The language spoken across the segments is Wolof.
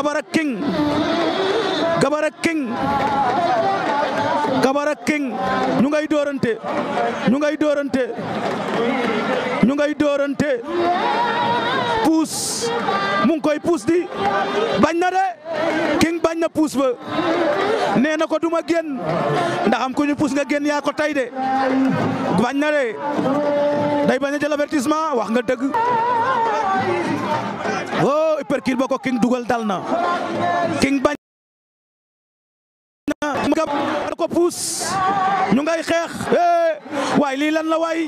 Gabara King Gabara King Kabara King ñu ngay dóorante ñu ngay dóorante ñu ngay dóorante puus mu ngi koy puus di bañ na de King bañ na puus ba nee na ko duma génn ndax am ku ñu puus nga génn yaa ko tay de bañ na de day bañ a jël avertissement wax nga dëgg oh uppercut ba ko King dugal dal na King bañ ma gab da ko puus ñu ngay xeex eh, waay lii lan la waay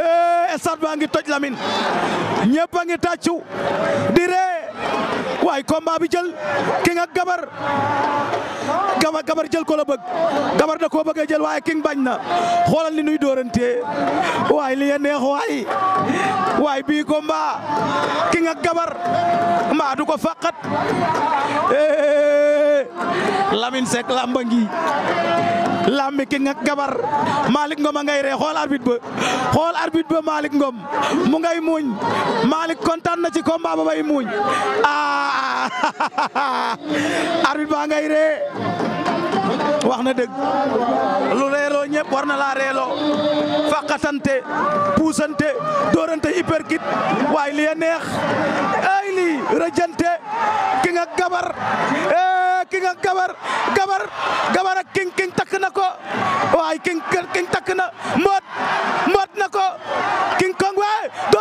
eh, stade baa ngi toj Lamine ñëpp a ngi tàccu di ree waay combat bi jël King Gabar Gabar Gabar jël ko la bëgg Gabar da koo bëggee jël waaye King bañ na xoolal ni nuy dóorantee waaye li ya neex waay waaye bii komba King ak Gabar mbaa ko faqat eh, lamin Seck lamba ngi lambi King Gabar malik Ngom a ngay ree xool arbitre ba xool arbitre ba Malick Ngom mu ngay muuñ Malick kontaan na ci combat ba bay muuñ ah baa ngay ree wax na dëgg lu reeloo war na laa reeloo fàqatante puusante doorante hyperkit waaye li neex ay rëjante ki nga gabar eh, ki nga gabar gabar gabar king king takk na ko waaye king takk na mboot mboot na ko king kong waay do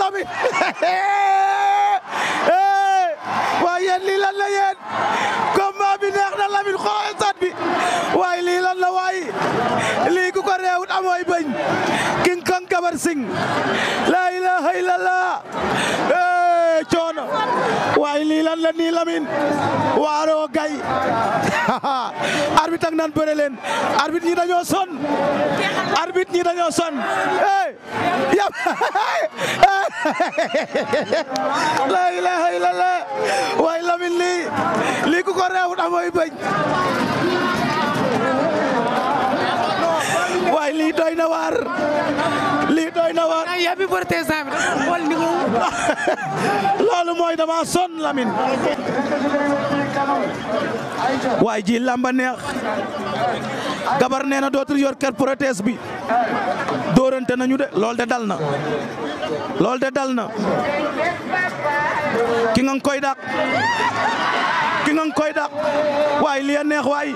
lamin mooy bañ king kong kabar sing la ilaha coono waaye lii lan la nii lamin waaroo gay arbitre ak nan bëre leen arbitre ñi dañoo son arbitre ñi dañoo son eh yab la ilaha illallah lamin lii lii ko reewut amooy bañ protestant loolu mooy dama son Lamine waaye ji lamba neex gabar nee na dootul yor kër protest bi dóorante nañu de loolu de dal na loolu de dal ki koy dàq ki koy dàq waay li a neex waay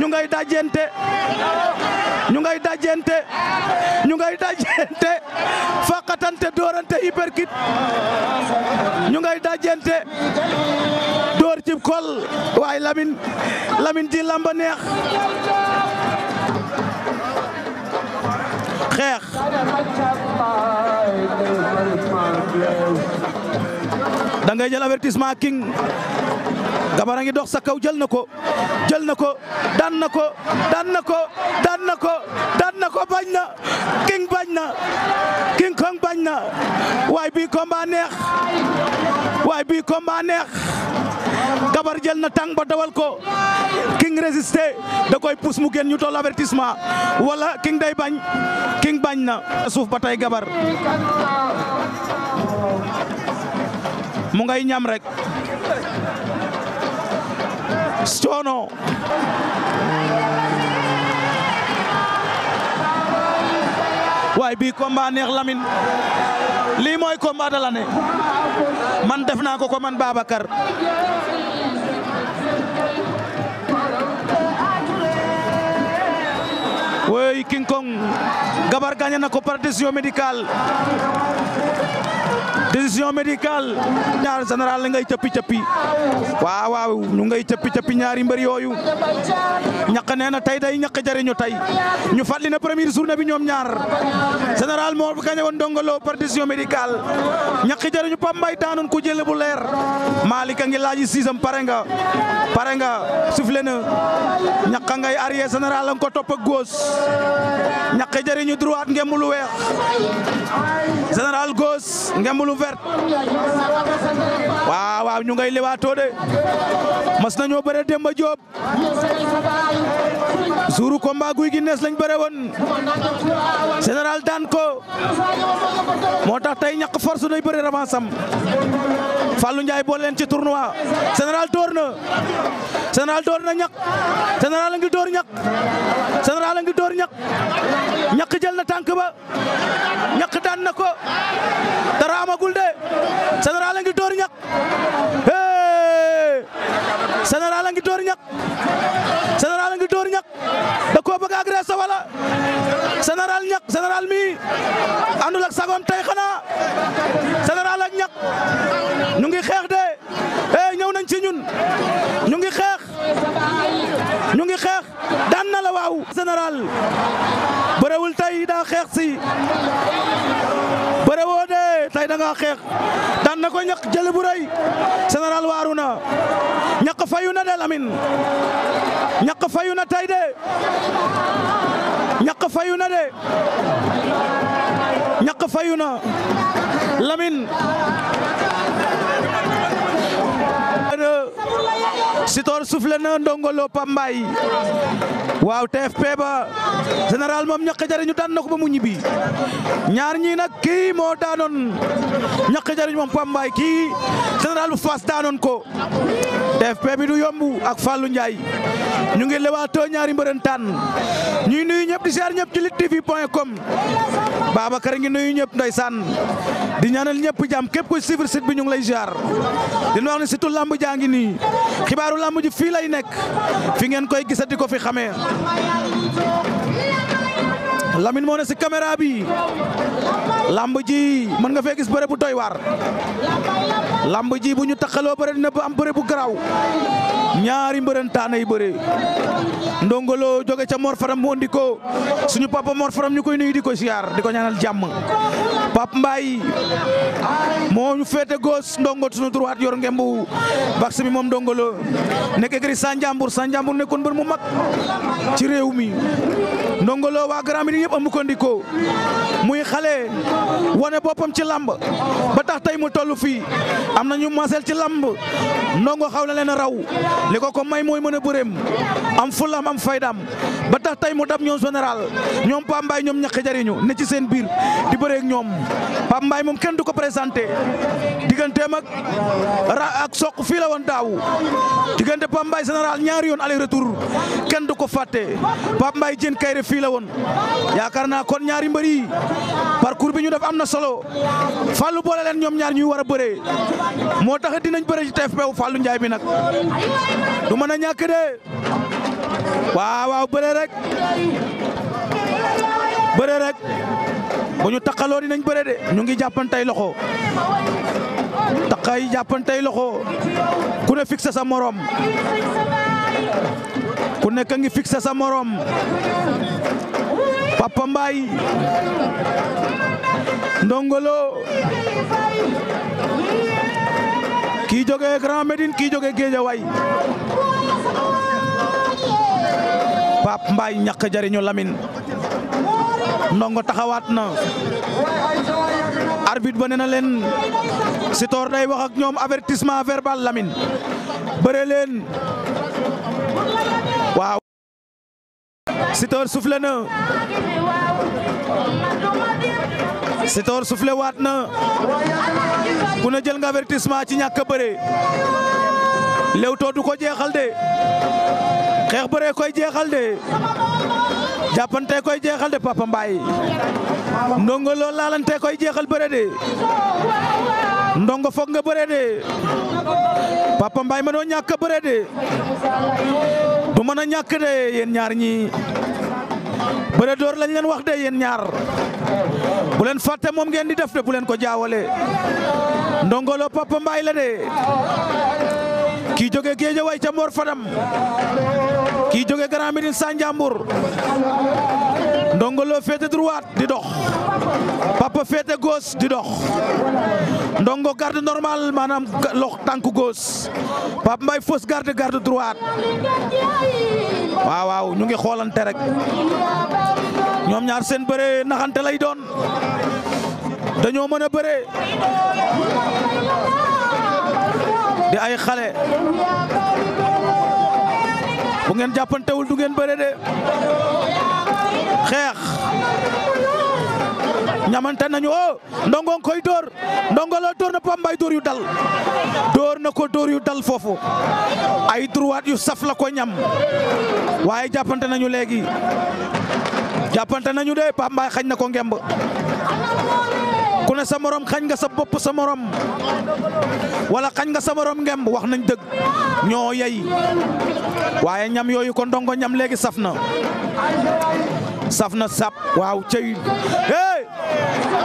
ñu ngay dajente ñu ngay dajente ñu ngay dajente faqatante doorante hyperkit ñu ngay dajente door cib kol waay lamin lamin ji lamba neex xeex dangay ngay jël avertissement king Gabara ngi dox sa kaw jël na ko jël na ko daan na ko daan na ko daan na ko daan na ko bañ na king bañ na king kong bañ na waay bii combat neex waay bii combat neex Gabar jël na tàng ba dawal ko king résisté da koy pousse mu génn ñu tool avertissement wala king day bañ king bañ na suuf ba tey Gabar mu ngay ñam rek coono waaye bii combat neex Lamine lii mooy combat de man def naa ko ko man Babacar woy King gabar gagné ko par décision décision médicale ñaar général la ngay cëppi cëppi waaw waaw ñu ngay cëppi cëppi ñaari mbari yooyu ñaq nee na tey day ñaq jariñu tey ñu fàttali na première journée bi ñoom ñaar général moo gañe woon dongolo par décision médicale ñaq jariñu Pape Mbaye daanoon ku jël bu leer Malick ngi laaj siisam pare nga nga sufle na ñaq ngay arrière général ang ko toppa ak gauche ñaq jariñu droite ngemu lu weex général gauche ngemblu vert waaw waaw ñu ngay lewaatoo de mas nañoo bëre Demba Diop suuru combat guy gi nees lañ bëre woon général daan ko moo tax tey ñàkk force nay bëre revanche am Fallou Ndiaye boole leen ci tournoi général door na général door na ñàkk général a ngi door ñàkk général a ngi door ñàkk ñàkk jël na tànk ba ñàkk daan na ko dara amagul de général a ngi door ñàkk général a ngi door ñàkk général a ngi door ñàkk da seneral bëgg agressé wala général ak ñaq ñu ngi xeex de eh ñëw nañ ci ñun ñu ngi xeex ñu ngi xeex daan na la waaw seneral bërewul tey daa xeex si bërewoo de tey da nga xeex daan na ko ñakk jëli bu rëy général waaru na ñaq fayu na de Lamine ñaq fayu na tey de ñaq fayu na de ñaq fayu na lamin Lamine Sitor soufflé na ndongolo Pambaay waaw TFP ba général moom ñaq jariñu daan na ko ba mu ñibbi ñaar ñii nag kii moo daanoon ñaq jariñ moom Pambaay kii général bu Fass daanoon ko TFP bi du yomb ak Fallou Ndiaye ñu ngi lewaatoo ñaari mbërëntaan ñuy nuyu ñëpp di siyaar ñëpp ci Lutte TV point com Babacar ngi nuyu ñëpp ndeysaan di ñaanal ñëpp jàmm képp ko suivre site bi ñu ngi lay jaar di wax ne surtout lamb jaa ngi nii xibaaru lamb ji fii lay nekk fi ngeen koy gisati ko fi xamee Lamine moo ne si caméra bi lamb ji mën nga fee gis bëre bu doy lamb ji bu ñu taxaloo bëre dina am bëre bu garaaw ñaari mbërëntaane yi bëre ndongolo joge ca Mor Faram mu ko suñu papa Mor Faram ñu koy nuyu di ko siyaar di ko ñaanal jàmm Pape Mbaye moo ñu féete gos ndongo suñu droite yor ngembu bax bi moom ndongolo nekk écrit Sanjambur Sanjambur nekkoon mbër mu mag ci réew mi. Ndongo Lo waa Grand Médine yëpp amu ko ndikoo muy xale wane boppam ci lamb ba tax tey mu toll fii am na ñu masel ci làmb ndongo xaw na leen a raw li ko ko may mooy mën a bëreem am fulam am faydam ba tax tay mu dab ñoom général ñoom Pape Mbaye ñoom ña jariñu ne ci seen biir di bëreeg ñoom Pape Mbaye moom kenn du ko présenté digganteem ak ra ak soq fii la woon daaw diggante Pape Mbaye général ñaari yoon aller retour kenn du ko fàtte Pape Mbaye jën kayre fii la woon yaakaar naa kon ñaari mbër yi parcours bi ñu def am na solo Fallou boole leen ñoom ñaar ñuy war a bëree moo tax dinañ bëre ci TFP Fallou Ndiaye bi nag du mën a de waaw waaw bëre rek bëre rek bu ñu taqaloo dinañ bëre de ñu ngi jàppantey loxo taqay jàppantey loxo ku ne fixé sa morom ku nekk ngi fixé sa morom Papa Mbaye Ndongo Lo kii jóge Grand Médine kii jóge Guédiawaye Pape Mbaye ñàkk jariñu Lamine ndongo taxawaat na arbit ba nee na leen Sitor day wax ak ñoom avertissement verbal lamin bëre leen waaw Sitor soufflé na Sitor soufflé waat na ku ne jël nga ci ñàkk du ko jeexal xeex bëree koy jeexal de jàppante koy jeexal de Papa Mbaye ndongo loo laalante koy jeexal bëre de ndongo foog nga bëre de Papa Mbaye ma doo ñàkk a de du mën a ñàkk de yéen ñaar ñi bëre door lañ leen wax de yéen ñaar bu leen fàtte moom ngeen di def de bu leen ko jaawale ndongolo Papa Mbaye la de kii jóge Géejawaay ca Mor Fadam kii jóge Grand Médine sa Njambur Ndongo Lo féete droite di dox Papa féete gauche di dox Ndongo garde normal maanaam lox tànk gauche Papa Mbaye fausse garde garde droite waaw waaw ñu ngi xoolante rek ñoom ñaar seen bëre naxante lay doon dañoo mën a bëre ay xale bu ngeen jàppantewul du ngeen bëre de xeex ñamante nañu o oh, ndongo koy dóor ndongo loo dóor na pambay dóor yu dal dóor na ko dóor yu dal foofu ay droite yu saf la ko ñam waaye jàppante nañu léegi jàppante nañu de pambay xañ na ko ngemb ku ne sa morom xañ nga sa bopp sa morom wala xañ nga sa morom ngem wax nañ dëgg ñoo yey waaye ñam yooyu ko ndongo ñam léegi saf na saf na sap waaw cey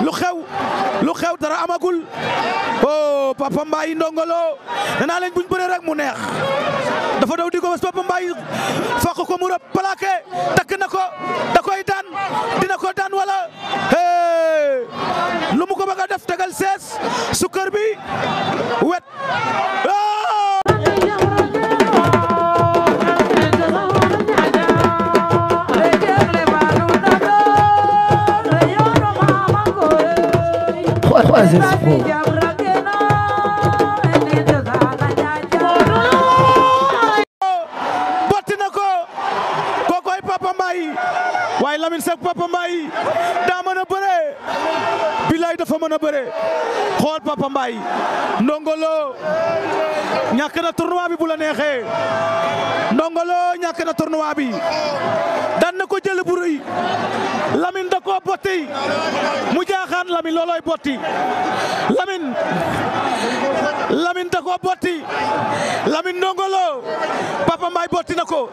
lu xew lu xew dara amagul oh papa Mbaye Ndongo Lo danaa leen buñ bëree rek mu neex dafa daw di ko papa Mbaye fàq ko mu rëb plaqué takk na ko da koy daan tegal sees sukar bi wet Pro. waaye Lamine Seck Papa Mbaye daa mën a bëre bilaay dafa mën a bëre Papa Mbaye Ndongo Lo ñàkk na tournoi bi bu la neexee Ndongo Lo ñàkk na tournoi bi dan ko jël bu rëy Lamine da koo botti mu jaaxaan Lamine loolooy botti Lamine Lamine da koo botti Lamine Ndongo Lo Papa Mbaye botti na ko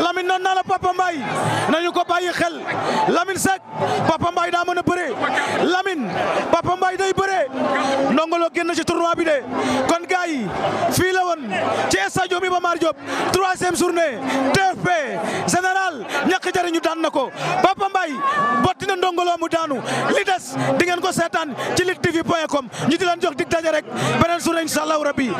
Lamine noon naa la Papa Mbaye nañu ko bàyyi xel Lamine Seck Papa Mbaye daa mën a bëree na ci tournoi bi de kon gars yi fii la woon ci stade Iba Mar Diop troisième journée TFP général ñàkk jariñu daan na ko Papa Mbaye botti na ndongoloo mu daanu li des di ngeen ko seetaan ci lutte tv point com ñu di leen jox dig daje rek beneen journée incha allahu rabbi